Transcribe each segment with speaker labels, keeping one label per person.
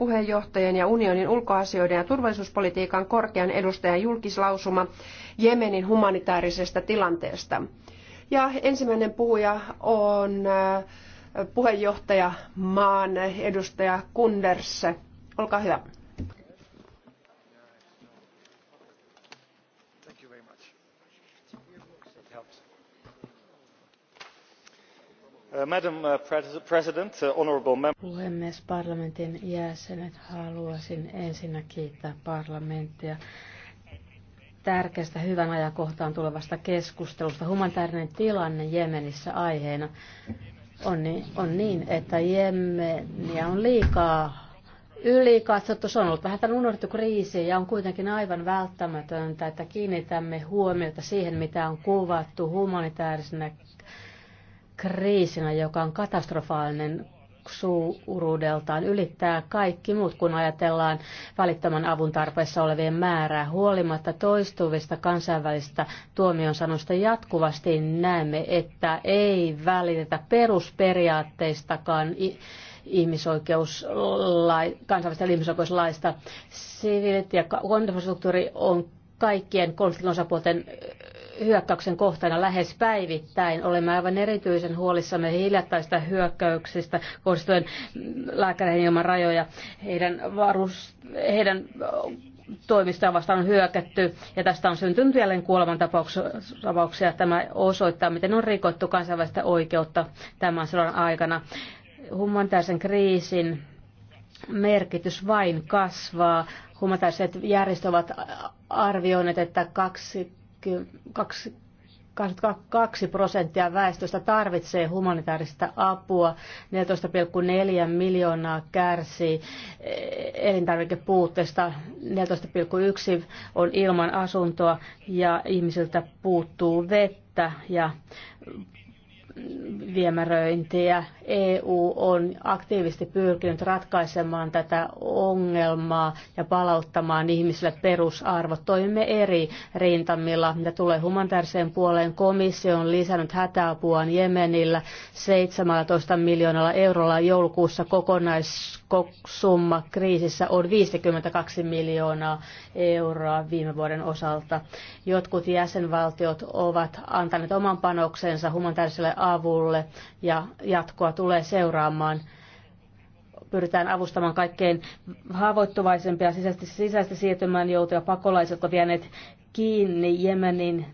Speaker 1: puheenjohtajan ja unionin ulkoasioiden ja turvallisuuspolitiikan korkean edustajan julkislausuma Jemenin humanitaarisesta tilanteesta. Ja ensimmäinen puhuja on äh, puheenjohtaja maan edustaja Kunders. Olkaa hyvä.
Speaker 2: Uh, uh, uh, Puhemies, parlamentin jäsenet, haluaisin ensinnä kiittää parlamenttia tärkeästä hyvän ajankohtaan tulevasta keskustelusta. Humanitaarinen tilanne Jemenissä aiheena on niin, on niin että Jemeniä on liikaa yli katsottu. Se on ollut vähän tämän unohdettu kriisi ja on kuitenkin aivan välttämätöntä, että kiinnitämme huomiota siihen, mitä on kuvattu humanitaarisena kriisinä, joka on katastrofaalinen suuruudeltaan ylittää kaikki muut, kun ajatellaan välittömän avun tarpeessa olevien määrää. Huolimatta toistuvista kansainvälistä tuomionsanoista jatkuvasti näemme, että ei välitetä perusperiaatteistakaan ihmisoikeuslai, kansainvälistä ihmisoikeuslaista. Siviilit ja infrastruktuuri on kaikkien konfliktin osapuolten hyökkäyksen kohteena lähes päivittäin. Olemme aivan erityisen huolissamme hiljattaista hyökkäyksistä kohdistuen lääkäreihin ilman rajoja. Heidän, varus, heidän toimistoa vastaan on hyökätty ja tästä on syntynyt jälleen kuolemantapauksia. Tämä osoittaa, miten on rikottu kansainvälistä oikeutta tämän sodan aikana. Humanitaarisen kriisin merkitys vain kasvaa. Humanitaariset järjestöt ovat arvioineet, että kaksi 22 prosenttia väestöstä tarvitsee humanitaarista apua, 14,4 miljoonaa kärsii elintarvikepuutteesta, 14,1 on ilman asuntoa ja ihmisiltä puuttuu vettä ja viemäröintiä. EU on aktiivisesti pyrkinyt ratkaisemaan tätä ongelmaa ja palauttamaan ihmisille perusarvot. Toimimme eri rintamilla. Mitä tulee humanitaariseen puoleen, komissio on lisännyt hätäapuaan Jemenillä 17 miljoonalla eurolla joulukuussa kokonais summa kriisissä on 52 miljoonaa euroa viime vuoden osalta. Jotkut jäsenvaltiot ovat antaneet oman panoksensa humanitaariselle avulle ja jatkoa tulee seuraamaan pyritään avustamaan kaikkein haavoittuvaisempia sisäisesti, sisäisesti siirtymään joutuja pakolaisia, jotka vieneet kiinni Jemenin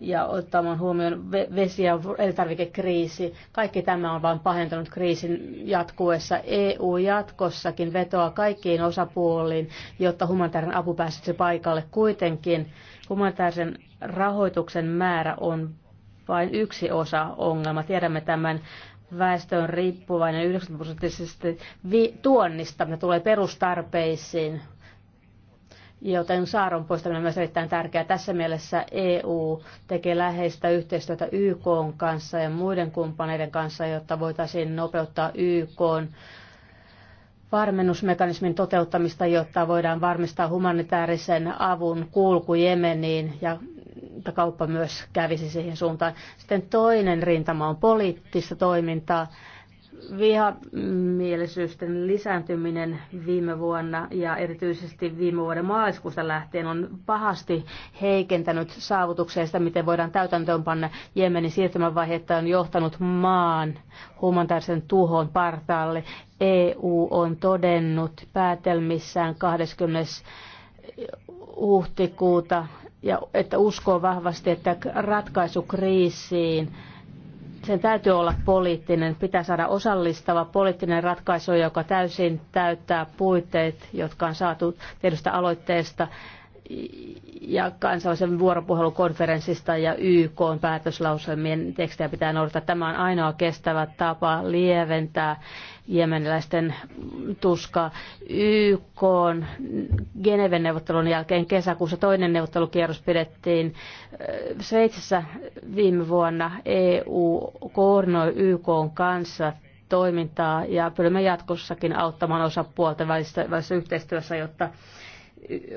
Speaker 2: ja ottamaan huomioon vesi- ja elintarvikekriisi. Kaikki tämä on vain pahentanut kriisin jatkuessa. EU jatkossakin vetoaa kaikkiin osapuoliin, jotta humanitaarinen apu pääsisi paikalle. Kuitenkin humanitaarisen rahoituksen määrä on vain yksi osa ongelma. Tiedämme tämän väestö on riippuvainen 90 prosenttisesti tuonnista, mitä tulee perustarpeisiin joten saaron poistaminen on myös erittäin tärkeää. Tässä mielessä EU tekee läheistä yhteistyötä YK kanssa ja muiden kumppaneiden kanssa, jotta voitaisiin nopeuttaa YK varmennusmekanismin toteuttamista, jotta voidaan varmistaa humanitaarisen avun kulku Jemeniin ja kauppa myös kävisi siihen suuntaan. Sitten toinen rintama on poliittista toimintaa Vihamielisyysten lisääntyminen viime vuonna ja erityisesti viime vuoden maaliskuusta lähtien on pahasti heikentänyt saavutuksia sitä, miten voidaan täytäntöönpanna Jemenin siirtymävaihetta on johtanut maan humanitaarisen tuhon partaalle. EU on todennut päätelmissään 20 huhtikuuta, ja että uskoo vahvasti, että ratkaisu kriisiin sen täytyy olla poliittinen. Pitää saada osallistava poliittinen ratkaisu, joka täysin täyttää puitteet, jotka on saatu tiedosta aloitteesta ja kansallisen vuoropuhelukonferenssista ja YK päätöslauselmien tekstejä pitää noudattaa. Tämä on ainoa kestävä tapa lieventää jemeniläisten tuskaa. YK Geneven neuvottelun jälkeen kesäkuussa toinen neuvottelukierros pidettiin Sveitsissä viime vuonna. EU koordinoi YK kanssa toimintaa ja pyrimme jatkossakin auttamaan osapuolten välisessä, välisessä yhteistyössä, jotta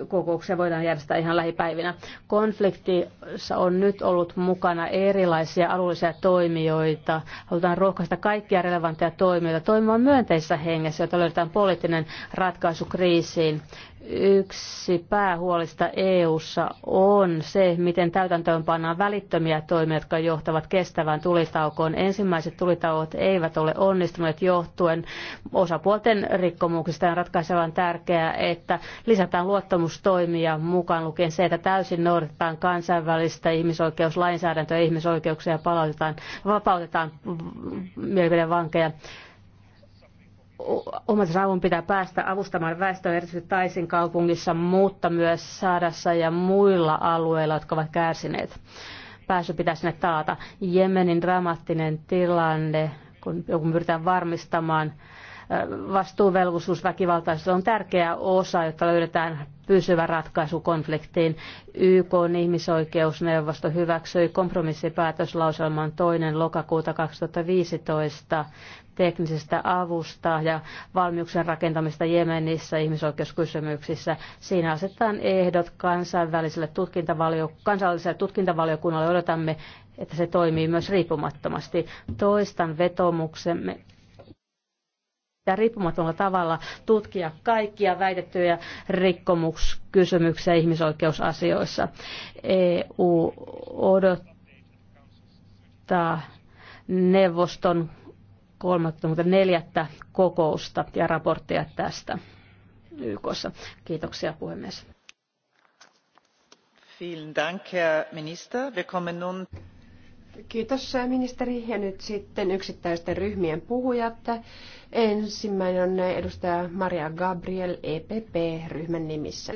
Speaker 2: kokouksia voidaan järjestää ihan lähipäivinä. Konfliktissa on nyt ollut mukana erilaisia alueellisia toimijoita. Halutaan rohkaista kaikkia relevantteja toimijoita toimimaan myönteisessä hengessä, jotta löydetään poliittinen ratkaisu kriisiin. Yksi päähuolista EU:ssa on se, miten täytäntöön pannaan välittömiä toimia, jotka johtavat kestävään tulitaukoon. Ensimmäiset tulitauot eivät ole onnistuneet johtuen osapuolten rikkomuksista. On ratkaisevan tärkeää, että lisätään luottamustoimia mukaan lukien se, että täysin noudatetaan kansainvälistä ihmisoikeuslainsäädäntöä ja ihmisoikeuksia ja palautetaan, vapautetaan mielipidevankeja. vankeja omat raavun pitää päästä avustamaan väestöä erityisesti Taisin kaupungissa, mutta myös Saadassa ja muilla alueilla, jotka ovat kärsineet. Pääsy pitää sinne taata. Jemenin dramaattinen tilanne, kun joku pyritään varmistamaan vastuuvelvollisuus väkivaltaisuus on tärkeä osa, jotta löydetään pysyvä ratkaisu konfliktiin. YK ihmisoikeusneuvosto hyväksyi kompromissipäätöslauselman toinen lokakuuta 2015 teknisestä avusta ja valmiuksen rakentamista Jemenissä ihmisoikeuskysymyksissä. Siinä asetetaan ehdot kansainväliselle tutkintavalio- kansalliselle tutkintavaliokunnalle. Odotamme, että se toimii myös riippumattomasti. Toistan vetomuksemme ja riippumattomalla tavalla tutkia kaikkia väitettyjä rikkomuskysymyksiä ihmisoikeusasioissa. EU odottaa neuvoston 34. kokousta ja raporttia tästä YKssa. Kiitoksia puhemies.
Speaker 1: Vielen Dank, Herr Minister. Wir kommen nun Kiitos ministeri. Ja nyt sitten yksittäisten ryhmien puhujat. Ensimmäinen on edustaja Maria Gabriel EPP-ryhmän nimissä.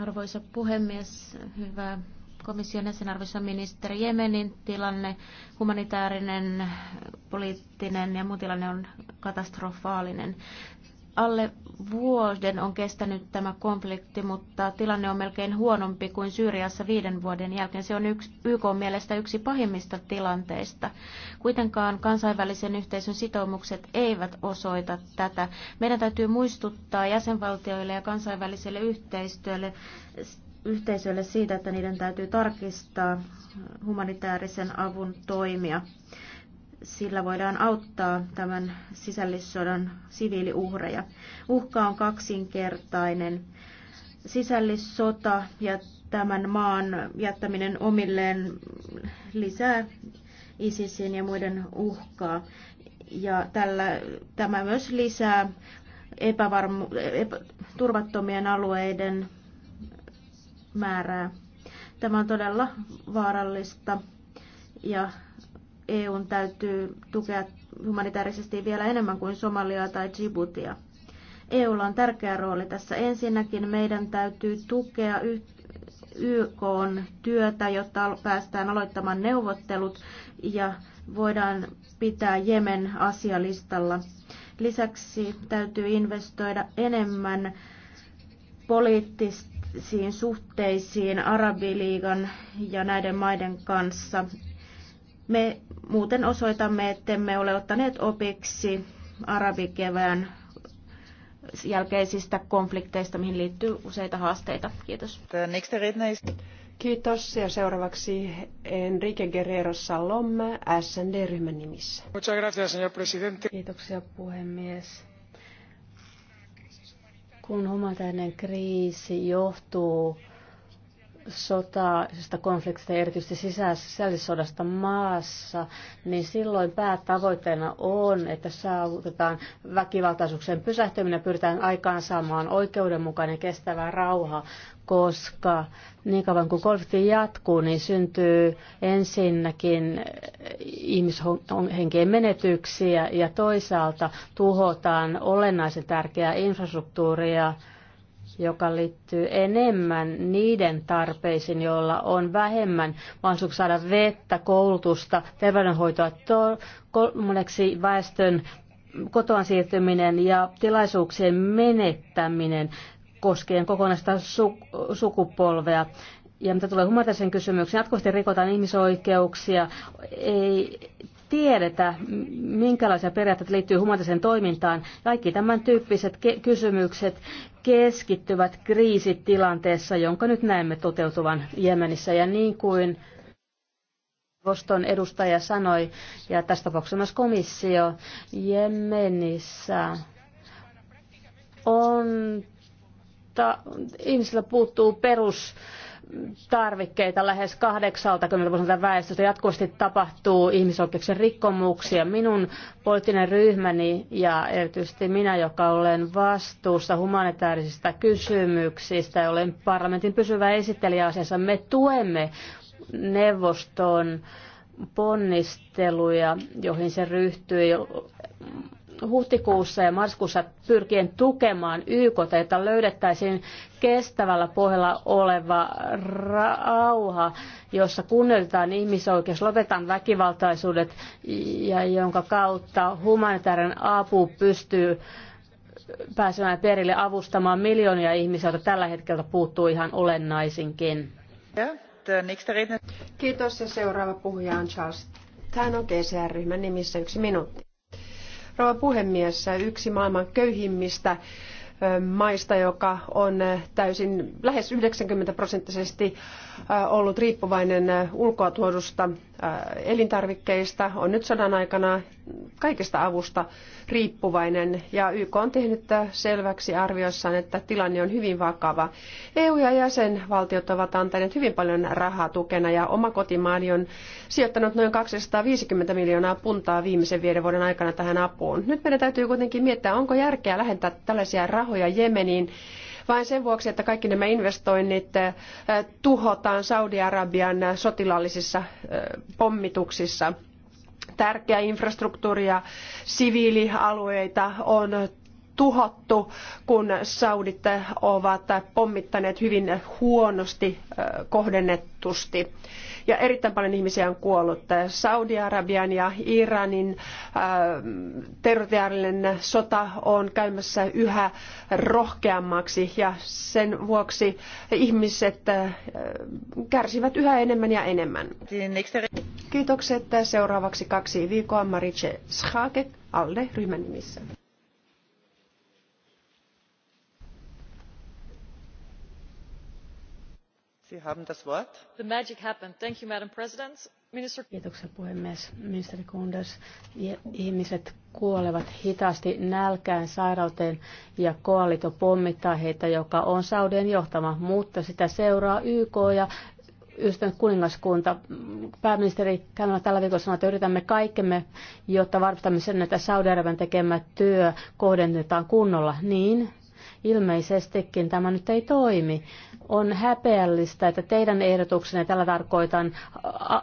Speaker 1: Arvoisa
Speaker 3: puhemies, hyvä komission jäsen, arvoisa ministeri, Jemenin tilanne, humanitaarinen, poliittinen ja muu tilanne on katastrofaalinen. Alle vuoden on kestänyt tämä konflikti, mutta tilanne on melkein huonompi kuin Syyriassa viiden vuoden jälkeen. Se on yksi, YK mielestä yksi pahimmista tilanteista. Kuitenkaan kansainvälisen yhteisön sitoumukset eivät osoita tätä. Meidän täytyy muistuttaa jäsenvaltioille ja kansainväliselle yhteistyölle yhteisölle siitä, että niiden täytyy tarkistaa humanitaarisen avun toimia sillä voidaan auttaa tämän sisällissodan siviiliuhreja. Uhka on kaksinkertainen. Sisällissota ja tämän maan jättäminen omilleen lisää ISISin ja muiden uhkaa. Ja tällä, tämä myös lisää epävarmu, epä, turvattomien alueiden määrää. Tämä on todella vaarallista ja EUn täytyy tukea humanitaarisesti vielä enemmän kuin Somaliaa tai Djiboutia. EUlla on tärkeä rooli tässä. Ensinnäkin meidän täytyy tukea YK työtä, jotta päästään aloittamaan neuvottelut ja voidaan pitää Jemen asialistalla. Lisäksi täytyy investoida enemmän poliittisiin suhteisiin Arabiliigan ja näiden maiden kanssa me muuten osoitamme, että me ole ottaneet opiksi arabikevään
Speaker 1: jälkeisistä konflikteista, mihin liittyy useita haasteita. Kiitos. Kiitos. Ja seuraavaksi Enrique Guerrero Salomme
Speaker 2: SND-ryhmän nimissä. Kiitoksia puhemies. Kun humanitaarinen kriisi johtuu sotaisista konfliktista ja erityisesti sisällissodasta maassa, niin silloin päätavoitteena on, että saavutetaan väkivaltaisuuksien pysähtyminen ja pyritään aikaan saamaan oikeudenmukainen kestävä rauha, koska niin kauan kuin konflikti jatkuu, niin syntyy ensinnäkin ihmishenkien menetyksiä ja toisaalta tuhotaan olennaisen tärkeää infrastruktuuria, joka liittyy enemmän niiden tarpeisiin, joilla on vähemmän mahdollisuus saada vettä, koulutusta, terveydenhoitoa, kolmanneksi väestön kotoan siirtyminen ja tilaisuuksien menettäminen koskien kokonaista su- sukupolvea. Ja mitä tulee humanitaarisen kysymyksiin, jatkuvasti rikotaan ihmisoikeuksia, ei tiedetä, minkälaisia periaatteita liittyy humanitaariseen toimintaan. Kaikki tämän tyyppiset kysymykset keskittyvät kriisitilanteessa, jonka nyt näemme toteutuvan Jemenissä. Ja niin kuin Voston edustaja sanoi, ja tässä tapauksessa myös komissio, Jemenissä on, ta, ihmisillä puuttuu perus tarvikkeita lähes 80 prosenttia väestöstä. Jatkuvasti tapahtuu ihmisoikeuksien rikkomuksia. Minun poliittinen ryhmäni ja erityisesti minä, joka olen vastuussa humanitaarisista kysymyksistä ja olen parlamentin pysyvä esittelijä asiassa, me tuemme neuvoston ponnisteluja, joihin se ryhtyi huhtikuussa ja marskuussa pyrkien tukemaan YK, että löydettäisiin kestävällä pohjalla oleva rauha, jossa kunnioitetaan ihmisoikeus, lopetetaan väkivaltaisuudet ja jonka kautta humanitaarinen apu pystyy pääsemään perille avustamaan miljoonia ihmisiä, joita tällä hetkellä puuttuu ihan olennaisinkin.
Speaker 1: Kiitos ja seuraava puhuja on Charles on gcr e ryhmän nimissä yksi minuutti. Rouva puhemies, yksi maailman köyhimmistä maista, joka on täysin lähes 90 prosenttisesti ollut riippuvainen ulkoa tuodusta elintarvikkeista, on nyt sodan aikana kaikesta avusta riippuvainen ja YK on tehnyt selväksi arviossaan, että tilanne on hyvin vakava. EU ja jäsenvaltiot ovat antaneet hyvin paljon rahaa tukena ja oma kotimaani on sijoittanut noin 250 miljoonaa puntaa viimeisen viiden vuoden aikana tähän apuun. Nyt meidän täytyy kuitenkin miettiä, onko järkeä lähentää tällaisia rahoja Jemeniin vain sen vuoksi, että kaikki nämä investoinnit eh, tuhotaan Saudi-Arabian sotilaallisissa eh, pommituksissa tärkeä infrastruktuuri ja siviilialueita on tuhottu, kun saudit ovat pommittaneet hyvin huonosti kohdennetusti ja erittäin paljon ihmisiä on kuollut. Saudi-Arabian ja Iranin äh, territoriaalinen sota on käymässä yhä rohkeammaksi ja sen vuoksi ihmiset äh, kärsivät yhä enemmän ja enemmän. Kiitokset. Seuraavaksi kaksi viikkoa Marice Schake, ALDE-ryhmän nimissä.
Speaker 4: arvoisa
Speaker 2: Kiitoksia puhemies. Ministeri Kunders, ihmiset kuolevat hitaasti nälkään, sairauteen ja koalito pommittaa heitä, joka on Saudien johtama, mutta sitä seuraa YK ja ystävät kuningaskunta. Pääministeri Kälmä tällä viikolla sanoi, että yritämme kaikkemme, jotta varmistamme sen, että Saudi-Arabian tekemä työ kohdennetaan kunnolla niin, Ilmeisestikin tämä nyt ei toimi. On häpeällistä, että teidän ehdotuksenne, tällä tarkoitan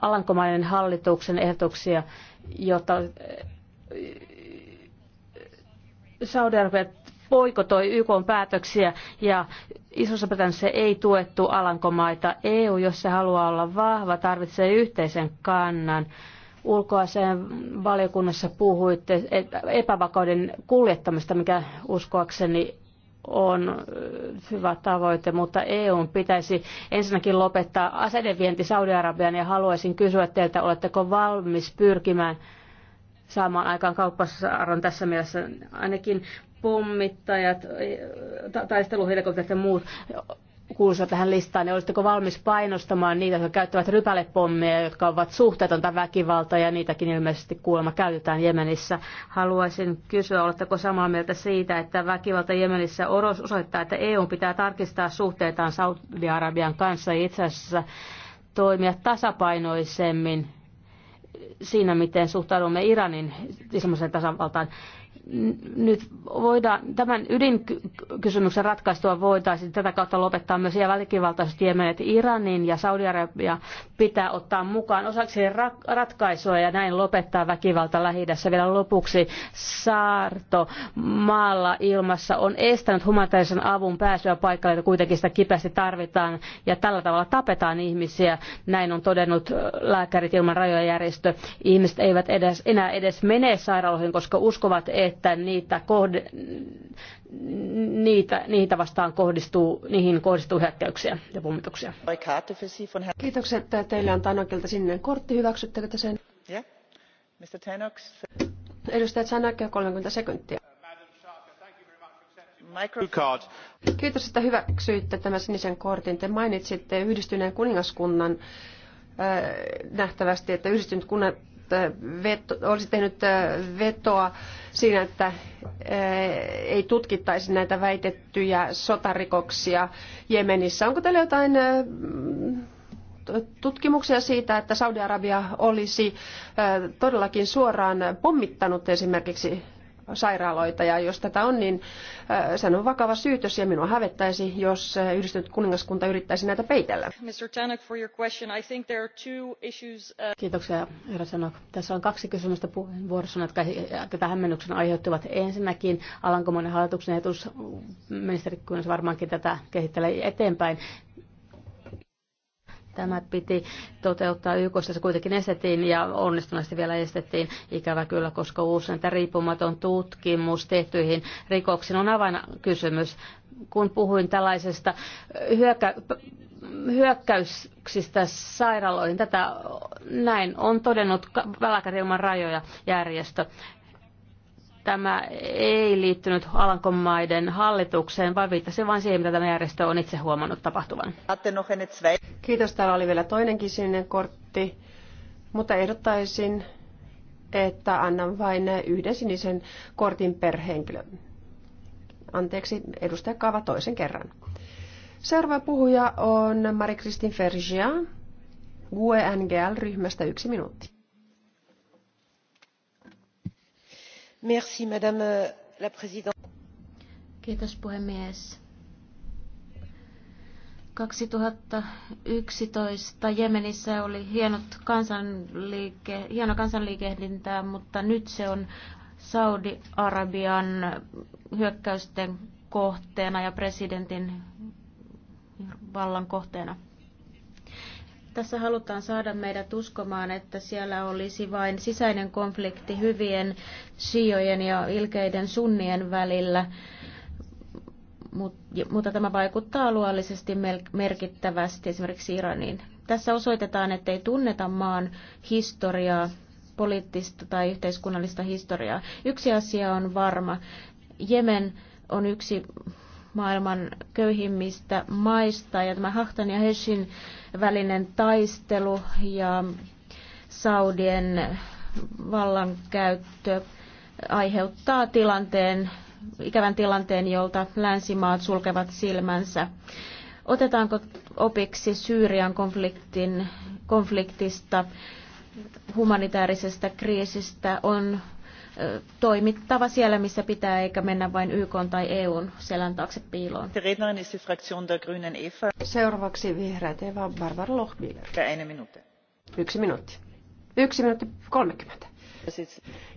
Speaker 2: Alankomaiden hallituksen ehdotuksia, jotta eh, Saudi-Arabia poikotoi YK päätöksiä ja isossa britanniassa ei tuettu Alankomaita. EU, jos se haluaa olla vahva, tarvitsee yhteisen kannan. Ulkoaseen valiokunnassa puhuitte epävakauden kuljettamista, mikä uskoakseni on hyvä tavoite, mutta EU pitäisi ensinnäkin lopettaa aseiden vienti Saudi-Arabiaan ja haluaisin kysyä teiltä, oletteko valmis pyrkimään saamaan aikaan kauppasaaron tässä mielessä ainakin pommittajat, taisteluhelikopterit ja muut kuuluisivat tähän listaan, niin olisitteko valmis painostamaan niitä, jotka käyttävät rypälepommeja, jotka ovat suhteetonta väkivaltaa ja niitäkin ilmeisesti kuulemma käytetään Jemenissä. Haluaisin kysyä, oletteko samaa mieltä siitä, että väkivalta Jemenissä osoittaa, että EU pitää tarkistaa suhteitaan Saudi-Arabian kanssa ja itse asiassa toimia tasapainoisemmin siinä, miten suhtaudumme Iranin tasavaltaan nyt voidaan, tämän ydinkysymyksen ratkaistua voitaisiin tätä kautta lopettaa myös välikivaltaiset jemenet Iranin ja Saudi-Arabia pitää ottaa mukaan osaksi ratkaisua ja näin lopettaa väkivalta lähi Vielä lopuksi saarto maalla ilmassa on estänyt humanitaarisen avun pääsyä paikalle, että kuitenkin sitä kipeästi tarvitaan ja tällä tavalla tapetaan ihmisiä. Näin on todennut lääkärit ilman rajoja Ihmiset eivät edes, enää edes mene sairaaloihin, koska uskovat, että että niitä, kohde, niitä, niitä vastaan kohdistuu, niihin kohdistuu hyökkäyksiä ja pommituksia. että Teillä on Tanakilta sininen kortti. Hyväksyttekö te sen?
Speaker 4: Yeah.
Speaker 1: Edustaja Tanakia, 30 sekuntia. Kiitos, että hyväksyitte tämän sinisen kortin. Te mainitsitte yhdistyneen kuningaskunnan äh, nähtävästi, että yhdistynyt Äh, veto, olisi tehnyt äh, vetoa siinä, että äh, ei tutkittaisi näitä väitettyjä sotarikoksia Jemenissä. Onko teillä jotain tutkimuksia siitä, että Saudi-Arabia olisi todellakin suoraan pommittanut esimerkiksi sairaaloita ja jos tätä on, niin äh, se on vakava syytös ja minua hävettäisi, jos äh, yhdistynyt kuningaskunta yrittäisi näitä
Speaker 2: peitellä.
Speaker 5: Mr. for your question. I think there are two issues, uh,
Speaker 2: Kiitoksia, herra Tanak. Tässä on kaksi kysymystä puheenvuorossa, jotka äh, tätä hämmennyksen aiheuttivat. Ensinnäkin Alankomainen hallituksen etusministeri varmaankin tätä kehittelee eteenpäin. Tämä piti toteuttaa YKssa, se kuitenkin estettiin ja onnistuneesti vielä estettiin, ikävä kyllä, koska uusinta riippumaton tutkimus tehtyihin rikoksiin on avainkysymys. Kun puhuin tällaisesta hyökkä, hyökkäyksistä sairaaloihin, tätä näin on todennut Välkärilman rajoja järjestö tämä ei liittynyt Alankomaiden hallitukseen, vaan viittasi vain siihen, mitä tämä järjestö on itse huomannut tapahtuvan.
Speaker 1: Kiitos. Täällä oli vielä toinenkin sininen kortti, mutta ehdottaisin, että annan vain yhden sinisen kortin per henkilö. Anteeksi, edustaja Kaava toisen kerran. Seuraava puhuja on Marie kristin Fergia, ungl ryhmästä yksi minuutti.
Speaker 5: Merci, madame euh, la
Speaker 3: 2011 Jemenissä oli hieno kansanliikehdintä mutta nyt se on Saudi-Arabian hyökkäysten kohteena ja presidentin vallan kohteena. Tässä halutaan saada meidät uskomaan, että siellä olisi vain sisäinen konflikti hyvien sijojen ja ilkeiden sunnien välillä, mutta tämä vaikuttaa alueellisesti merkittävästi esimerkiksi Iraniin. Tässä osoitetaan, ettei tunneta maan historiaa, poliittista tai yhteiskunnallista historiaa. Yksi asia on varma. Jemen on yksi maailman köyhimmistä maista ja tämä Hahtan ja Heshin välinen taistelu ja Saudien vallankäyttö aiheuttaa tilanteen, ikävän tilanteen, jolta länsimaat sulkevat silmänsä. Otetaanko opiksi Syyrian konfliktin, konfliktista, humanitaarisesta kriisistä? On toimittava siellä, missä pitää, eikä mennä vain YK
Speaker 1: tai EUn selän taakse piiloon. Seuraavaksi vihreät Eva Barbara Lochbiller. Yksi minuutti. Yksi minuutti kolmekymmentä.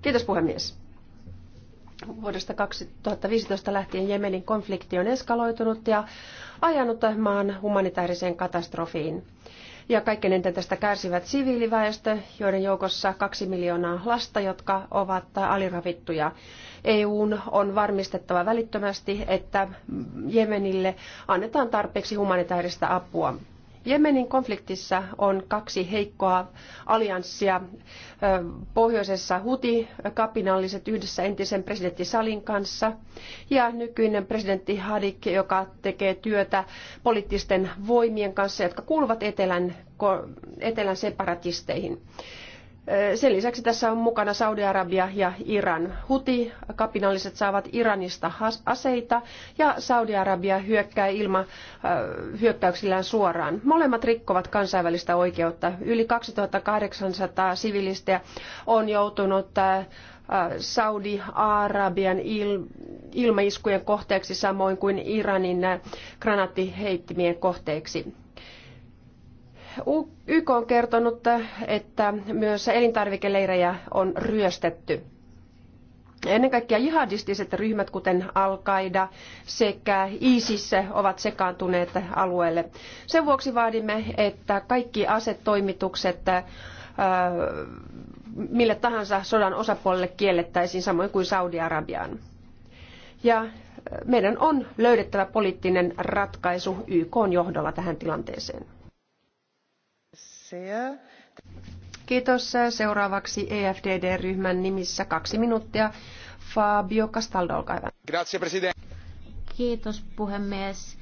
Speaker 1: Kiitos puhemies. Vuodesta 2015 lähtien Jemenin konflikti on eskaloitunut ja ajanut maan humanitaariseen katastrofiin ja kaikkein eniten tästä kärsivät siviiliväestö, joiden joukossa kaksi miljoonaa lasta, jotka ovat aliravittuja. EUn on varmistettava välittömästi, että Jemenille annetaan tarpeeksi humanitaarista apua. Jemenin konfliktissa on kaksi heikkoa allianssia. Pohjoisessa Huti, kapinalliset yhdessä entisen presidentti Salin kanssa ja nykyinen presidentti Hadik, joka tekee työtä poliittisten voimien kanssa, jotka kuuluvat etelän, etelän separatisteihin. Sen lisäksi tässä on mukana Saudi-Arabia ja Iran. Huti-kapinalliset saavat Iranista aseita ja Saudi-Arabia hyökkää ilma hyökkäyksillään suoraan. Molemmat rikkovat kansainvälistä oikeutta. Yli 2800 sivilistiä on joutunut Saudi-Arabian il- ilmaiskujen kohteeksi samoin kuin Iranin granaattiheittimien kohteeksi. YK on kertonut, että myös elintarvikeleirejä on ryöstetty. Ennen kaikkea jihadistiset ryhmät, kuten Al-Qaida sekä ISIS, ovat sekaantuneet alueelle. Sen vuoksi vaadimme, että kaikki asetoimitukset äh, mille tahansa sodan osapuolelle kiellettäisiin, samoin kuin Saudi-Arabiaan. Ja äh, meidän on löydettävä poliittinen ratkaisu YK johdolla tähän tilanteeseen. Kiitos. Seuraavaksi EFDD-ryhmän nimissä kaksi minuuttia. Fabio Castaldo, olkaa
Speaker 6: hyvä.
Speaker 1: Kiitos, puhemies.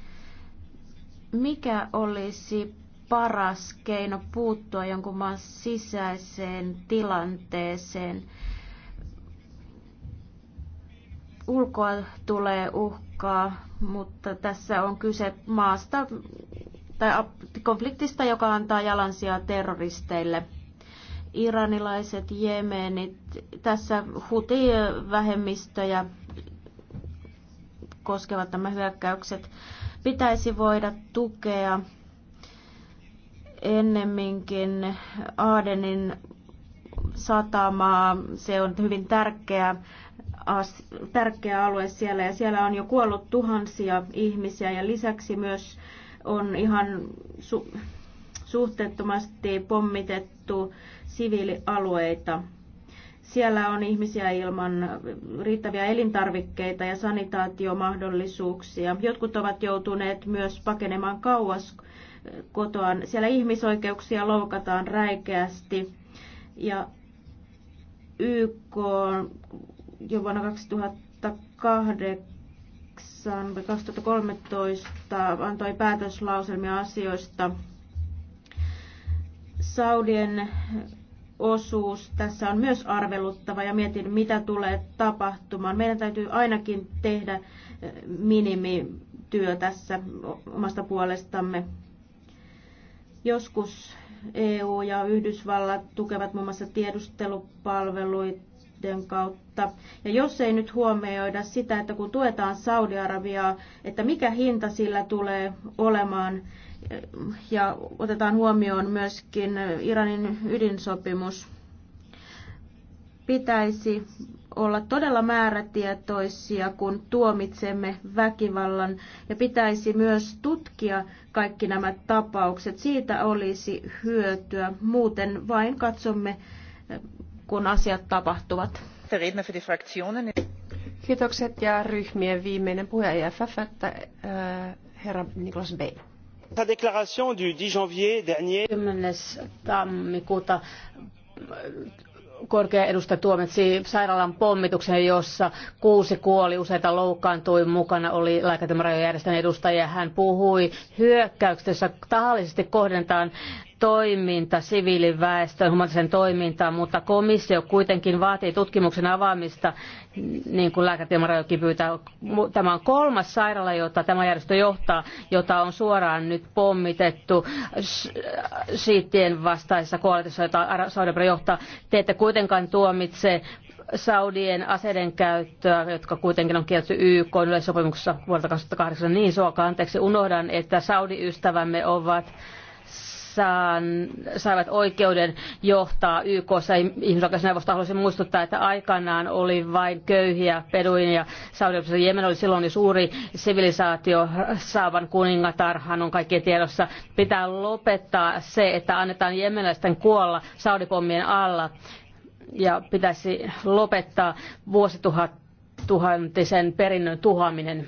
Speaker 1: Mikä olisi
Speaker 3: paras keino puuttua jonkun maan sisäiseen tilanteeseen? Ulkoa tulee uhkaa, mutta tässä on kyse maasta, tai konfliktista, joka antaa jalansijaa terroristeille. Iranilaiset, jemenit, tässä huti-vähemmistöjä koskevat nämä hyökkäykset pitäisi voida tukea ennemminkin Aadenin satamaa. Se on hyvin tärkeä, tärkeä alue siellä ja siellä on jo kuollut tuhansia ihmisiä ja lisäksi myös on ihan su- suhteettomasti pommitettu siviilialueita. Siellä on ihmisiä ilman riittäviä elintarvikkeita ja sanitaatiomahdollisuuksia. Jotkut ovat joutuneet myös pakenemaan kauas kotoaan. Siellä ihmisoikeuksia loukataan räikeästi ja YK jo vuonna 2008 Saan 2013 antoi päätöslauselmia asioista. Saudien osuus tässä on myös arveluttava ja mietin, mitä tulee tapahtumaan. Meidän täytyy ainakin tehdä eh, minimityö tässä omasta puolestamme. Joskus EU ja Yhdysvallat tukevat muun muassa tiedustelupalveluita järjestöjen kautta. Ja jos ei nyt huomioida sitä, että kun tuetaan Saudi-Arabiaa, että mikä hinta sillä tulee olemaan, ja otetaan huomioon myöskin Iranin ydinsopimus, pitäisi olla todella määrätietoisia, kun tuomitsemme väkivallan ja pitäisi myös tutkia kaikki nämä tapaukset. Siitä olisi hyötyä. Muuten vain katsomme kun asiat tapahtuvat.
Speaker 1: Kiitokset ja ryhmien viimeinen puhuja EFF, että, äh, herra Niklas Bay.
Speaker 2: Sa déclaration du 10 janvier dernier. 10. tammikuuta äh, korkea edustaja tuomitsi sairaalan pommituksen, jossa kuusi kuoli, useita loukkaantui. Mukana oli lääketemarajojärjestön edustaja. Hän puhui hyökkäyksestä, jossa tahallisesti kohdentaan toiminta siviiliväestön, humanitaarisen toimintaan, mutta komissio kuitenkin vaatii tutkimuksen avaamista, niin kuin lääketiemarjokin pyytää. Tämä on kolmas sairaala, jota tämä järjestö johtaa, jota on suoraan nyt pommitettu siittien vastaisessa koalitossa, jota Saudi johtaa. Te ette kuitenkaan tuomitse Saudien aseiden käyttöä, jotka kuitenkin on kielletty YK yleissopimuksessa vuodelta 2008, niin suokaa anteeksi, unohdan, että Saudi-ystävämme ovat saan, saivat oikeuden johtaa YK. Ihmisoikeusneuvosto haluaisin muistuttaa, että aikanaan oli vain köyhiä peduin ja saudi Jemen oli silloin suuri sivilisaatio. Saavan kuningatarhan on kaikkien tiedossa. Pitää lopettaa se, että annetaan jemeläisten kuolla saudipommien alla ja pitäisi lopettaa vuosituhantisen perinnön tuhoaminen.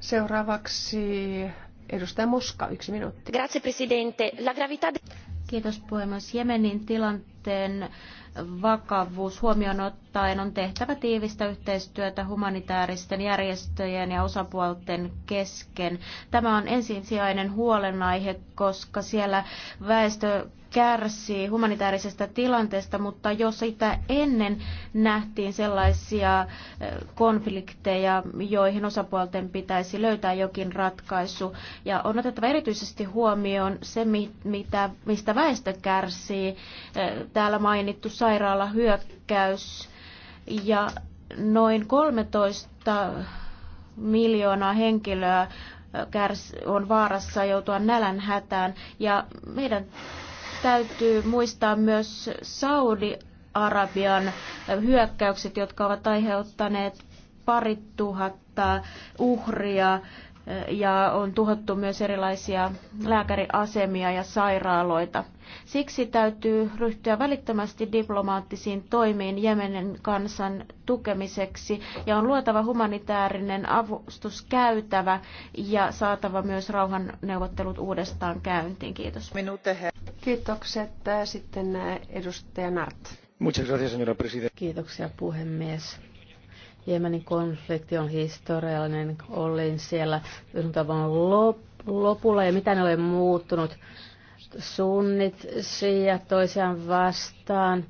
Speaker 2: Seuraavaksi Edustaja
Speaker 1: Moska, yksi minuutti. Grazie, presidente. La gravità... Kiitos puhemies. Jemenin
Speaker 3: tilanteen vakavuus huomioon ottaen ottaen on tehtävä tiivistä yhteistyötä humanitaaristen järjestöjen ja osapuolten kesken. Tämä on ensisijainen huolenaihe, koska siellä väestö kärsii humanitaarisesta tilanteesta, mutta jos sitä ennen nähtiin sellaisia eh, konflikteja, joihin osapuolten pitäisi löytää jokin ratkaisu. Ja on otettava erityisesti huomioon se, mitä, mistä väestö kärsii. Eh, täällä mainittu sairaalahyökkäys ja noin 13 miljoonaa henkilöä on vaarassa joutua nälän hätään. Ja meidän täytyy muistaa myös Saudi-Arabian hyökkäykset, jotka ovat aiheuttaneet pari tuhatta uhria ja on tuhottu myös erilaisia lääkäriasemia ja sairaaloita. Siksi täytyy ryhtyä välittömästi diplomaattisiin toimiin Jemenin kansan tukemiseksi ja on luotava humanitaarinen avustuskäytävä ja saatava myös
Speaker 1: rauhanneuvottelut uudestaan käyntiin. Kiitos. Kiitokset. Sitten
Speaker 2: edustaja Nart. Kiitoksia puhemies Jemenin konflikti on historiallinen. Olin siellä yhdyntävän lopulla ja mitä ne oli muuttunut. Sunnit, siia toisiaan vastaan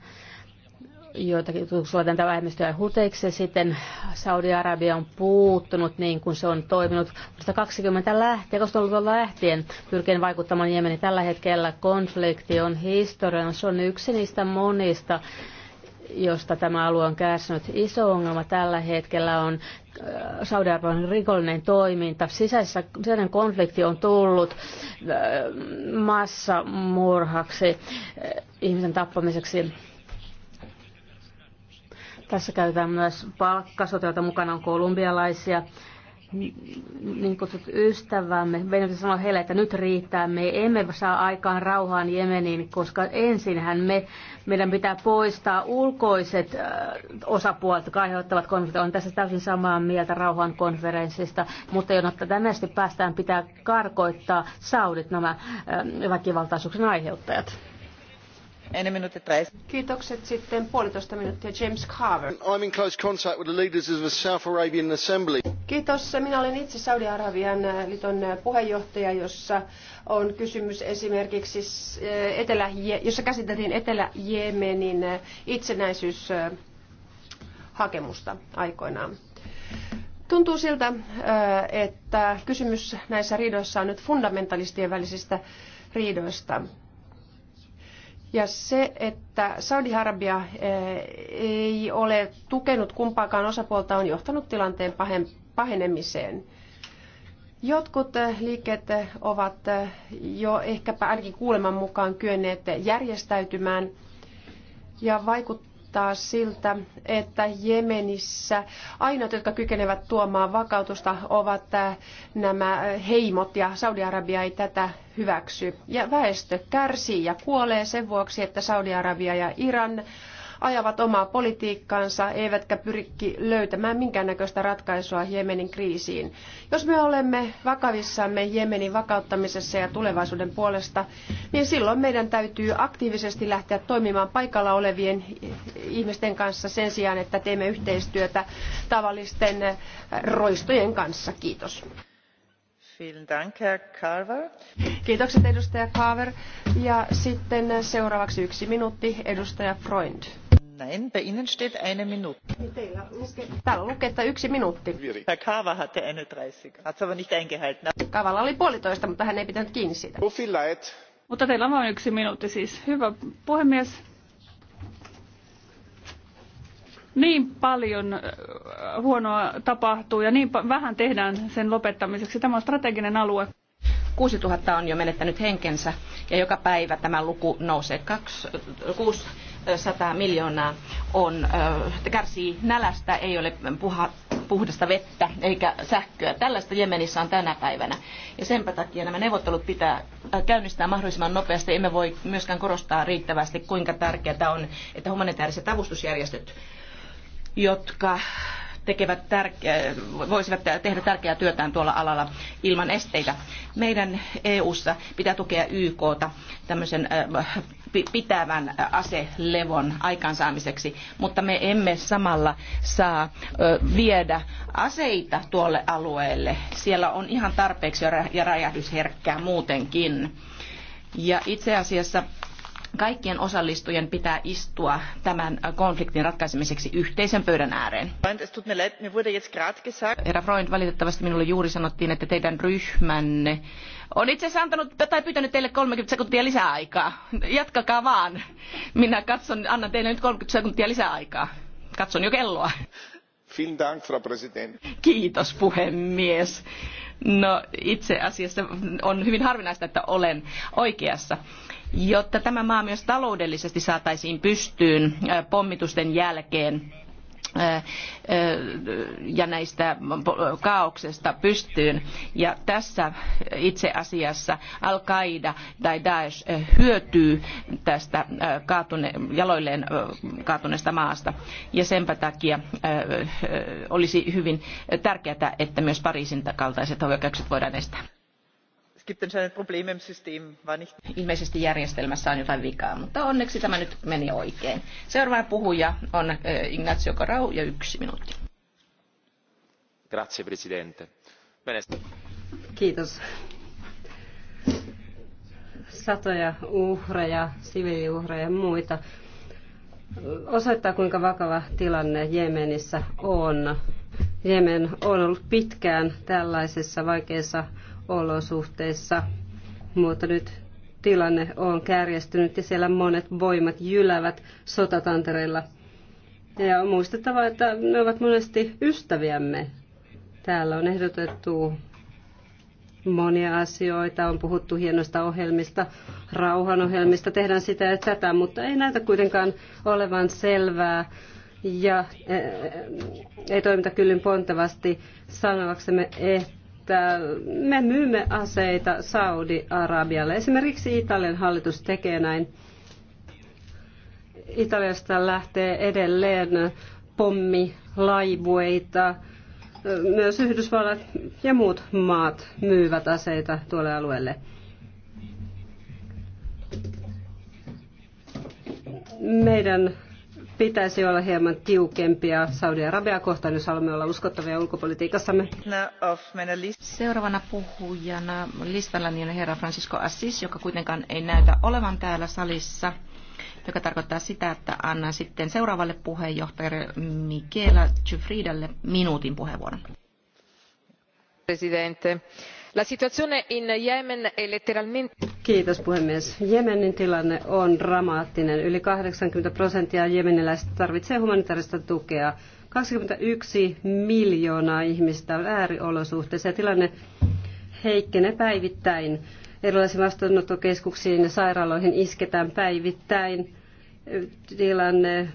Speaker 2: joitakin suotantaa vähemmistöä huteiksi. Sitten Saudi-Arabia on puuttunut niin kuin se on toiminut vuodesta 20 lähtien, koska ollut lähtien pyrkien vaikuttamaan Jemenin. Tällä hetkellä konflikti on historiallinen. Se on yksi niistä monista josta tämä alue on kärsinyt. Iso ongelma tällä hetkellä on äh, Saudi-Arabian rikollinen toiminta. Sisäisessä, sisäinen konflikti on tullut äh, massamurhaksi, äh, ihmisen tappamiseksi. Tässä käytetään myös palkkasotilta, mukana on kolumbialaisia niin kutsut ystävämme, meidän sanoi heille, että nyt riittää, me emme saa aikaan rauhaan Jemeniin, koska ensinhän me, meidän pitää poistaa ulkoiset äh, osapuolet, jotka aiheuttavat konflikteja. On tässä täysin samaa mieltä rauhan konferenssista, mutta jotta tänne päästään, pitää karkoittaa saudit nämä äh, väkivaltaisuuksien aiheuttajat
Speaker 1: sitten James I'm in close contact with the leaders of the South Arabian Assembly. Kiitos. Minä olen itse Saudi-Arabian äh, liiton äh, puheenjohtaja, jossa on kysymys esimerkiksi, äh, etelä, jossa käsiteltiin Etelä-Jemenin itsenäisyyshakemusta aikoinaan. Tuntuu siltä, että kysymys näissä riidoissa on nyt fundamentalistien välisistä riidoista. Ja se, että Saudi-Arabia eh, ei ole tukenut kumpaakaan osapuolta, on johtanut tilanteen pahenemiseen. Jotkut eh, liikkeet eh, ovat jo ehkäpä ainakin kuuleman mukaan kyenneet järjestäytymään ja vaikuttaa vaikuttaa siltä, että Jemenissä ainoat, jotka kykenevät tuomaan vakautusta, ovat äh, nämä äh, heimot ja Saudi-Arabia ei tätä hyväksy. Ja väestö kärsii ja kuolee sen vuoksi, että Saudi-Arabia ja Iran ajavat omaa politiikkaansa, eivätkä pyrikki löytämään minkäännäköistä ratkaisua Jemenin kriisiin. Jos me olemme vakavissamme Jemenin vakauttamisessa ja tulevaisuuden puolesta, niin silloin meidän täytyy aktiivisesti lähteä toimimaan paikalla olevien ihmisten kanssa sen sijaan, että teemme yhteistyötä tavallisten roistojen kanssa. Kiitos. Kiitokset edustaja Carver. Ja sitten seuraavaksi yksi minuutti edustaja Freund. Näin, bei Ihnen lukee, täällä lukee, että yksi minuutti. Herr Kava hatte 31, hat es aber nicht eingehalten. Kavalla oli puolitoista, mutta hän
Speaker 4: ei pitänyt kiinni siitä. Mutta teillä on vain yksi minuutti siis. Hyvä puhemies. Niin paljon huonoa tapahtuu ja niin vähän tehdään sen lopettamiseksi. Tämä on strateginen alue.
Speaker 6: 6000 on jo menettänyt henkensä ja joka päivä tämä luku nousee. 2, 6, 100 miljoonaa on, kärsii nälästä, ei ole puha, puhdasta vettä eikä sähköä. Tällaista Jemenissä on tänä päivänä. Ja sen takia nämä neuvottelut pitää käynnistää mahdollisimman nopeasti. Emme voi myöskään korostaa riittävästi, kuinka tärkeää on, että humanitaariset avustusjärjestöt, jotka tekevät voisivat tehdä tärkeää työtään tuolla alalla ilman esteitä. Meidän EU:ssa pitää tukea YKta tämmöisen äh, pitävän aselevon aikaansaamiseksi, mutta me emme samalla saa viedä aseita tuolle alueelle. Siellä on ihan tarpeeksi ja räjähdysherkkää muutenkin. Ja itse asiassa Kaikkien osallistujien pitää istua tämän konfliktin ratkaisemiseksi yhteisen pöydän ääreen. Herra Freund, valitettavasti minulle juuri sanottiin, että teidän ryhmänne on itse asiassa antanut tai pyytänyt teille kolmekymmentä sekuntia lisäaikaa. Jatkakaa vaan. Minä katson, annan teille nyt kolmekymmentä sekuntia lisäaikaa. Katson jo kelloa. Kiitos puhemies. No itse asiassa on hyvin harvinaista, että olen oikeassa jotta tämä maa myös taloudellisesti saataisiin pystyyn äh, pommitusten jälkeen äh, äh, ja näistä kaauksesta pystyyn. Ja tässä itse asiassa Al-Qaida tai Daesh hyötyy tästä kaatune, jaloilleen kaatuneesta maasta. Ja senpä takia olisi hyvin tärkeää, että myös Pariisin kaltaiset hyökkäykset voidaan estää. Ilmeisesti järjestelmässä on jotain vikaa, mutta onneksi tämä nyt meni oikein. Seuraava puhuja on eh, Ignazio Corau ja yksi minuutti.
Speaker 3: Grazie, presidente.
Speaker 5: Kiitos. Satoja uhreja, siviiliuhreja ja muita osoittaa, kuinka vakava tilanne Jemenissä on. Jemen on ollut pitkään tällaisessa vaikeassa olosuhteissa, mutta nyt tilanne on kärjestynyt ja siellä monet voimat jylävät sotatantereilla. Ja on muistettava, että ne ovat monesti ystäviämme. Täällä on ehdotettu monia asioita, on puhuttu hienoista ohjelmista, rauhanohjelmista, tehdään sitä ja tätä, mutta ei näytä kuitenkaan olevan selvää ja eh, eh, ei toimita kyllin pontevasti sanovaksemme että että me myymme aseita Saudi-Arabialle. Esimerkiksi Italian hallitus tekee näin. Italiasta lähtee edelleen pommilaivueita. Myös Yhdysvallat ja muut maat myyvät aseita tuolle alueelle. Meidän pitäisi olla hieman tiukempia Saudi-Arabiaa kohtaan, jos haluamme olla uskottavia ulkopolitiikassamme.
Speaker 6: Seuraavana puhujana listalla on herra Francisco Assis, joka kuitenkaan ei näytä olevan täällä salissa joka tarkoittaa sitä, että annan sitten seuraavalle puheenjohtajalle Michela Gifridalle
Speaker 5: minuutin puheenvuoron.
Speaker 2: Presidente. La situazione in Yemen è letteralmente...
Speaker 5: Kiitos puhemies. Jemenin tilanne on dramaattinen. Yli 80 prosenttia jemeniläisistä tarvitsee humanitaarista tukea. 21 miljoonaa ihmistä on ääriolosuhteissa ja tilanne heikkenee päivittäin. Erilaisiin vastaanottokeskuksiin ja sairaaloihin isketään päivittäin. Tilanne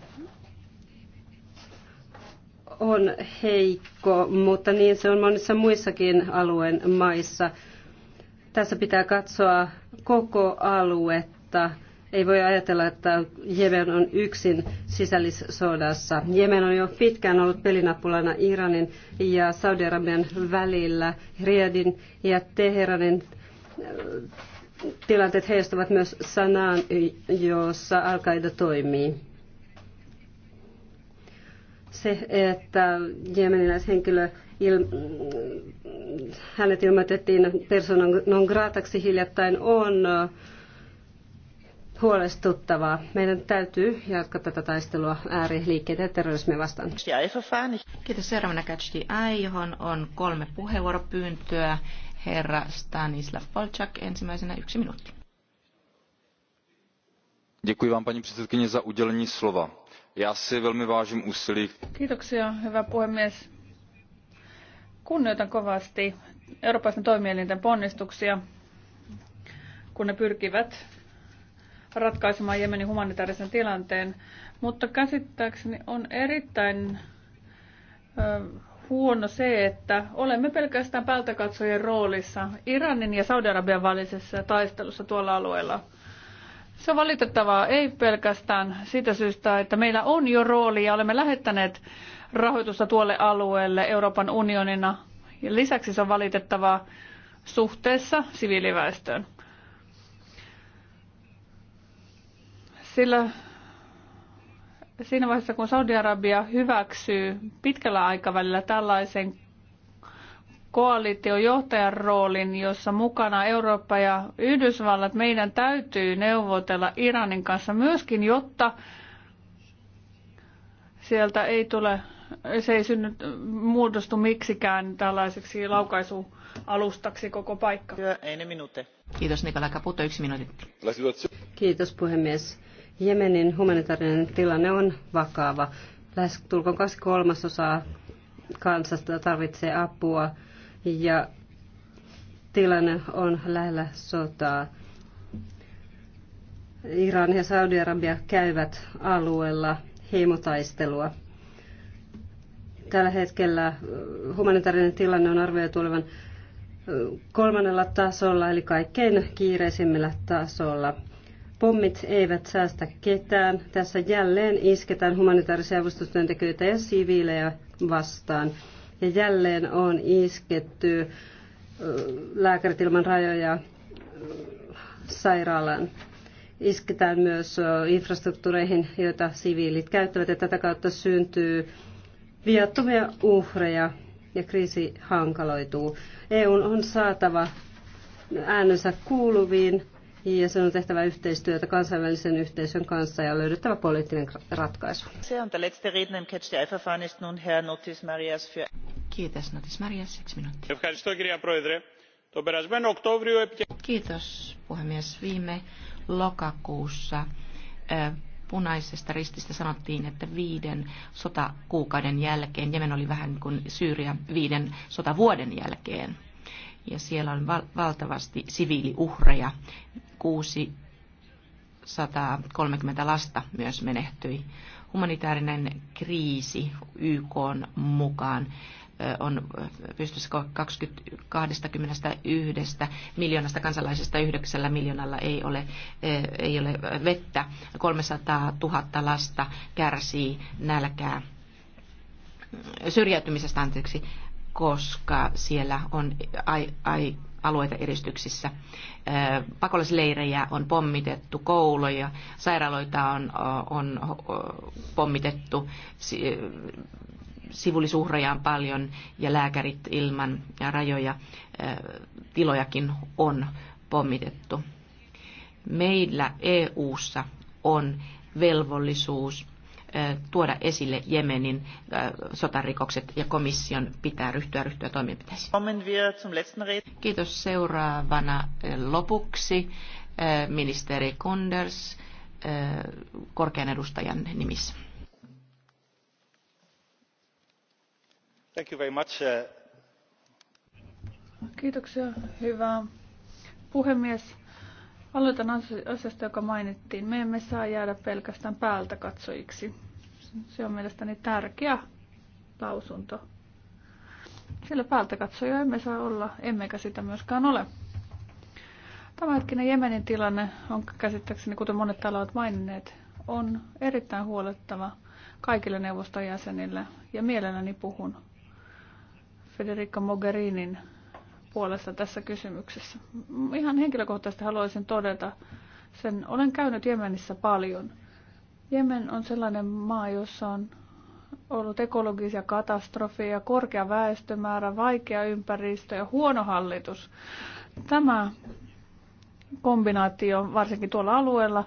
Speaker 5: on heikko, mutta niin se on monissa muissakin alueen maissa. Tässä pitää katsoa koko aluetta. Ei voi ajatella, että Jemen on yksin sisällissodassa. Jemen on jo pitkään ollut pelinapulana Iranin ja Saudi-Arabian välillä. Riedin ja Teheranin äh, tilanteet heijastuvat myös Sanaan, jossa al toimii se, että jemeniläishenkilö il, hänet ilmoitettiin persona non grataksi hiljattain on huolestuttavaa. Meidän täytyy jatkaa tätä taistelua ääriliikkeitä ja terrorismia vastaan. Kiitos. Seuraavana Catch
Speaker 6: Ai, johon on kolme puheenvuoropyyntöä. Herra Stanislav Polchak,
Speaker 4: ensimmäisenä yksi minuutti.
Speaker 2: Děkuji vám, paní předsedkyně, za udělení slova já si velmi vážím úsilí.
Speaker 4: Kiitoksia, hyvä puhemies. Kunnioitan kovasti Euroopan toimielinten ponnistuksia, kun ne pyrkivät ratkaisemaan Jemenin humanitaarisen tilanteen, mutta käsittääkseni on erittäin ö, huono se, että olemme pelkästään päältäkatsojien roolissa Iranin ja Saudi-Arabian välisessä taistelussa tuolla alueella – se on valitettavaa ei pelkästään siitä syystä, että meillä on jo rooli ja olemme lähettäneet rahoitusta tuolle alueelle Euroopan unionina. Ja lisäksi se on valitettavaa suhteessa siviiliväestöön. Sillä siinä vaiheessa, kun Saudi-Arabia hyväksyy pitkällä aikavälillä tällaisen koalitiojohtajan roolin, jossa mukana Eurooppa ja Yhdysvallat. Meidän täytyy neuvotella Iranin kanssa myöskin, jotta sieltä ei tule, se ei synny, muodostu miksikään tällaiseksi laukaisualustaksi koko paikka.
Speaker 5: Kiitos Nikola Kaputo yksi minuutti. Kiitos puhemies. Jemenin humanitaarinen tilanne on vakava. Lähes tulkoon kaksi kolmasosaa kansasta tarvitsee apua ja tilanne on lähellä sotaa. Iran ja Saudi-Arabia käyvät alueella heimotaistelua. Tällä hetkellä humanitaarinen tilanne on arvioitu olevan kolmannella tasolla, eli kaikkein kiireisimmällä tasolla. Pommit eivät säästä ketään. Tässä jälleen isketään humanitaarisia avustustyöntekijöitä ja siviilejä vastaan. Ja jälleen on isketty lääkärit ilman rajoja sairaalan. Isketään myös infrastruktuureihin, joita siviilit käyttävät, ja tätä kautta syntyy viattomia uhreja ja kriisi hankaloituu. EUn on saatava äänensä kuuluviin ja sen on tehtävä yhteistyötä kansainvälisen yhteisön kanssa ja löydettävä poliittinen ratkaisu.
Speaker 1: Kiitos, minuutti.
Speaker 6: Kiitos, puhemies. Viime lokakuussa punaisesta rististä sanottiin, että viiden sotakuukauden jälkeen, Jemen oli vähän niin kuin Syyria viiden sotavuoden jälkeen, ja siellä on val- valtavasti siviiliuhreja. 630 lasta myös menehtyi. Humanitaarinen kriisi YK mukaan on pystyssä 21 miljoonasta kansalaisesta yhdeksällä miljoonalla ei ole, ei ole vettä. 300 000 lasta kärsii nälkää syrjäytymisestä anteeksi, koska siellä on ai, ai, alueita eristyksissä. Pakolaisleirejä on pommitettu, kouluja, sairaaloita on, on pommitettu, sivullisuhrejaan paljon ja lääkärit ilman ja rajoja tilojakin on pommitettu. Meillä EU:ssa on velvollisuus tuoda esille Jemenin sotarikokset ja komission pitää ryhtyä ryhtyä toimenpiteisiin. Kiitos seuraavana lopuksi ministeri Konders korkean edustajan nimissä.
Speaker 5: Uh,
Speaker 4: Kiitoksia, hyvä puhemies. Aloitan asiasta, joka mainittiin. Me emme saa jäädä pelkästään päältä katsojiksi. Se on mielestäni tärkeä lausunto. Sillä päältä katsoja emme saa olla, emmekä sitä myöskään ole. Tämänhetkinen Jemenin tilanne on käsittääkseni, kuten monet täällä ovat maininneet, on erittäin huolettava kaikille neuvoston jäsenille ja mielelläni puhun Federica Mogherinin puolesta tässä kysymyksessä. Ihan henkilökohtaisesti haluaisin todeta sen. Olen käynyt Jemenissä paljon. Jemen on sellainen maa, jossa on ollut ekologisia katastrofeja, korkea väestömäärä, vaikea ympäristö ja huono hallitus. Tämä kombinaatio, varsinkin tuolla alueella,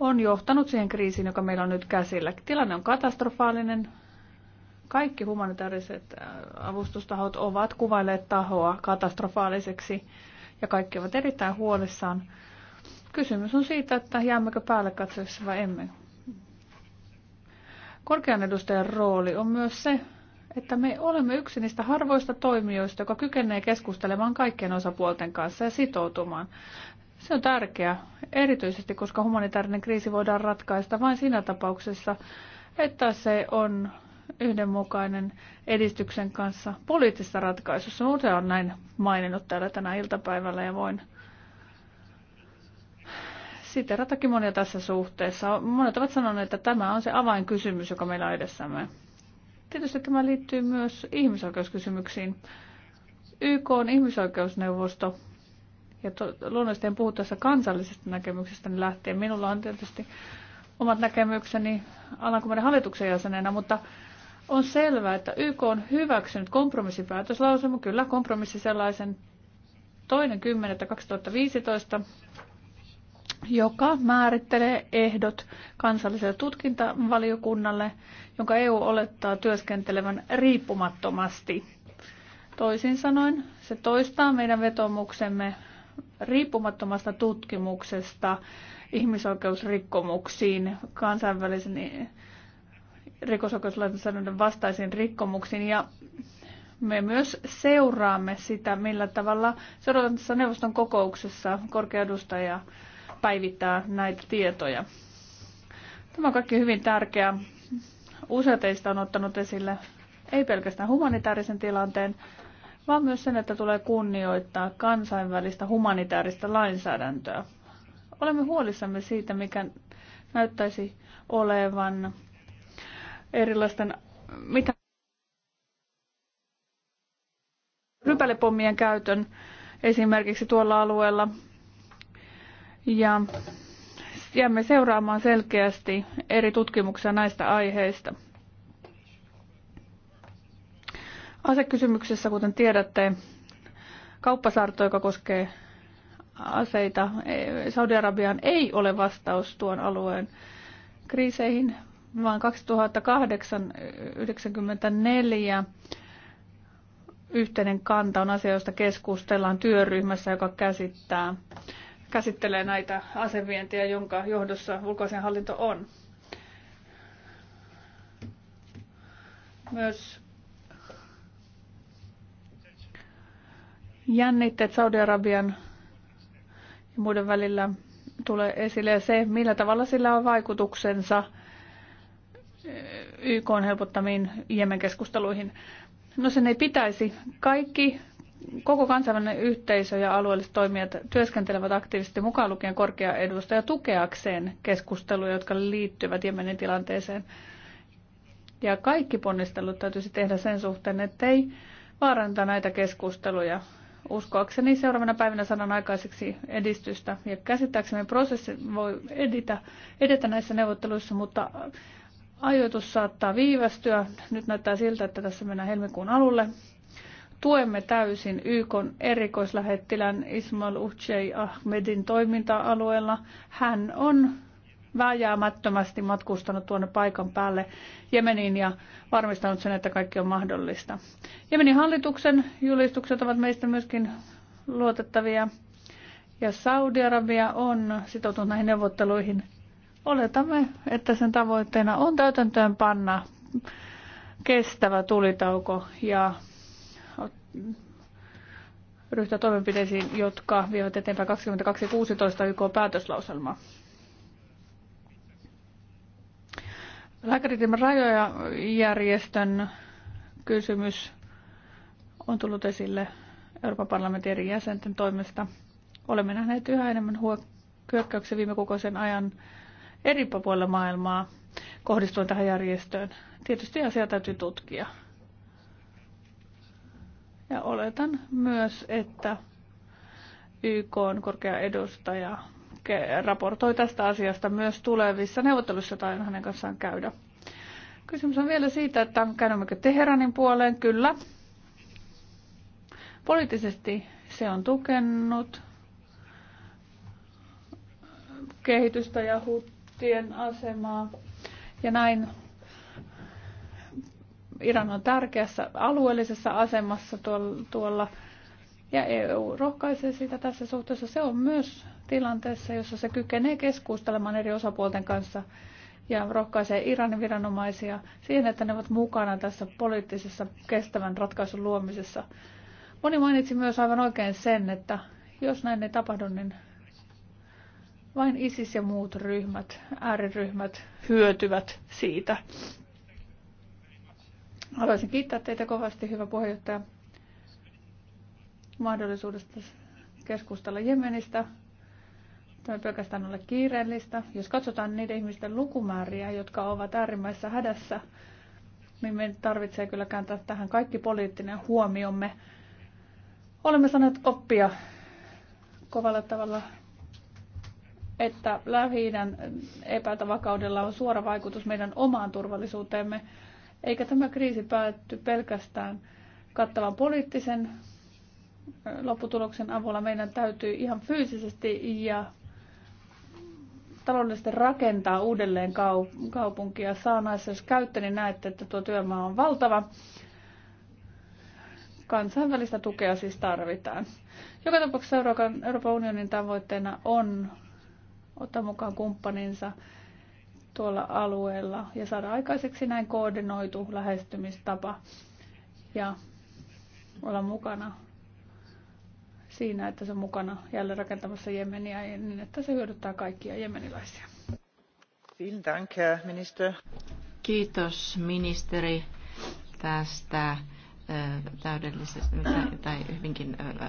Speaker 4: on johtanut siihen kriisiin, joka meillä on nyt käsillä. Tilanne on katastrofaalinen, kaikki humanitaariset äh, avustustahot ovat kuvailleet tahoa katastrofaaliseksi ja kaikki ovat erittäin huolissaan. Kysymys on siitä, että jäämmekö päälle katsojassa vai emme. Korkean edustajan rooli on myös se, että me olemme yksi niistä harvoista toimijoista, joka kykenee keskustelemaan kaikkien osapuolten kanssa ja sitoutumaan. Se on tärkeää, erityisesti koska humanitaarinen kriisi voidaan ratkaista vain siinä tapauksessa, että se on yhdenmukainen edistyksen kanssa poliittisessa ratkaisussa. Usein on näin maininnut täällä tänä iltapäivällä ja voin sitten ratakin monia tässä suhteessa. Monet ovat sanoneet, että tämä on se avainkysymys, joka meillä on edessämme. Tietysti tämä liittyy myös ihmisoikeuskysymyksiin. YK on ihmisoikeusneuvosto, ja to, luonnollisesti en puhu tässä kansallisesta näkemyksestä niin lähtien. Minulla on tietysti omat näkemykseni alankomainen hallituksen jäsenenä, mutta on selvää, että YK on hyväksynyt kompromissipäätöslauselman, kyllä kompromissi sellaisen toinen 10.2015, joka määrittelee ehdot kansalliselle tutkintavaliokunnalle, jonka EU olettaa työskentelevän riippumattomasti. Toisin sanoen, se toistaa meidän vetomuksemme riippumattomasta tutkimuksesta ihmisoikeusrikkomuksiin kansainvälisen rikosoikeuslainsäädännön vastaisiin rikkomuksiin ja me myös seuraamme sitä, millä tavalla seuraavassa neuvoston kokouksessa korkeudustaja päivittää näitä tietoja. Tämä on kaikki hyvin tärkeää. Usea teistä on ottanut esille ei pelkästään humanitaarisen tilanteen, vaan myös sen, että tulee kunnioittaa kansainvälistä humanitaarista lainsäädäntöä. Olemme huolissamme siitä, mikä näyttäisi olevan erilaisten mitä rypälepommien käytön esimerkiksi tuolla alueella. Ja jäämme seuraamaan selkeästi eri tutkimuksia näistä aiheista. Asekysymyksessä, kuten tiedätte, kauppasaarto, joka koskee aseita Saudi-Arabiaan, ei ole vastaus tuon alueen kriiseihin, vaan 2894 yhteinen kanta on asia, josta keskustellaan työryhmässä, joka käsittää, käsittelee näitä asevientiä, jonka johdossa ulkoisen hallinto on. Myös jännitteet Saudi-Arabian ja muiden välillä tulee esille ja se, millä tavalla sillä on vaikutuksensa – YK on helpottamiin Jemen-keskusteluihin. No sen ei pitäisi. Kaikki, koko kansainvälinen yhteisö ja alueelliset toimijat työskentelevät aktiivisesti mukaan lukien korkea edustaja tukeakseen keskusteluja, jotka liittyvät Jemenin tilanteeseen. Ja kaikki ponnistelut täytyisi tehdä sen suhteen, ettei vaaranta näitä keskusteluja. Uskoakseni seuraavana päivinä sanan aikaiseksi edistystä ja käsittääkseni prosessi voi editä, edetä näissä neuvotteluissa, mutta ajoitus saattaa viivästyä. Nyt näyttää siltä, että tässä mennään helmikuun alulle. Tuemme täysin YK erikoislähettilän Ismail Uchei Ahmedin toiminta-alueella. Hän on vääjäämättömästi matkustanut tuonne paikan päälle Jemeniin ja varmistanut sen, että kaikki on mahdollista. Jemenin hallituksen julistukset ovat meistä myöskin luotettavia ja Saudi-Arabia on sitoutunut näihin neuvotteluihin Oletamme, että sen tavoitteena on täytäntöön panna kestävä tulitauko ja ryhtyä toimenpiteisiin, jotka vievät eteenpäin 2216 YK päätöslauselmaa. Lääkärit rajoja järjestön kysymys on tullut esille Euroopan parlamentin eri jäsenten toimesta. Olemme nähneet yhä enemmän hyökkäyksiä viime kokoisen ajan eri puolilla maailmaa kohdistuen tähän järjestöön. Tietysti asiaa täytyy tutkia. Ja oletan myös, että YK on korkea edustaja raportoi tästä asiasta myös tulevissa neuvotteluissa tai hänen kanssaan käydä. Kysymys on vielä siitä, että käännymmekö Teheranin puoleen? Kyllä. Poliittisesti se on tukenut kehitystä ja kurdien asemaa. Ja näin Iran on tärkeässä alueellisessa asemassa tuolla, ja EU rohkaisee sitä tässä suhteessa. Se on myös tilanteessa, jossa se kykenee keskustelemaan eri osapuolten kanssa ja rohkaisee Iranin viranomaisia siihen, että ne ovat mukana tässä poliittisessa kestävän ratkaisun luomisessa. Moni mainitsi myös aivan oikein sen, että jos näin ei tapahdu, niin vain ISIS ja muut ryhmät, ääriryhmät hyötyvät siitä. Haluaisin kiittää teitä kovasti, hyvä puheenjohtaja, mahdollisuudesta keskustella Jemenistä. Tämä ei pelkästään ole kiireellistä. Jos katsotaan niiden ihmisten lukumääriä, jotka ovat äärimmäisessä hädässä, niin meidän tarvitsee kyllä kääntää tähän kaikki poliittinen huomiomme. Olemme saaneet oppia kovalla tavalla että lähi epätavakaudella on suora vaikutus meidän omaan turvallisuuteemme, eikä tämä kriisi päätty pelkästään kattavan poliittisen lopputuloksen avulla. Meidän täytyy ihan fyysisesti ja taloudellisesti rakentaa uudelleen kaupunkia. Saanaissa, jos käytte, niin näette, että tuo työmaa on valtava. Kansainvälistä tukea siis tarvitaan. Joka tapauksessa Euroopan, Euroopan unionin tavoitteena on ottaa mukaan kumppaninsa tuolla alueella ja saada aikaiseksi näin koordinoitu lähestymistapa ja olla mukana siinä, että se on mukana jälleen rakentamassa Jemeniä niin, että se hyödyttää kaikkia jemenilaisia.
Speaker 6: Kiitos ministeri tästä täydellisestä tai hyvinkin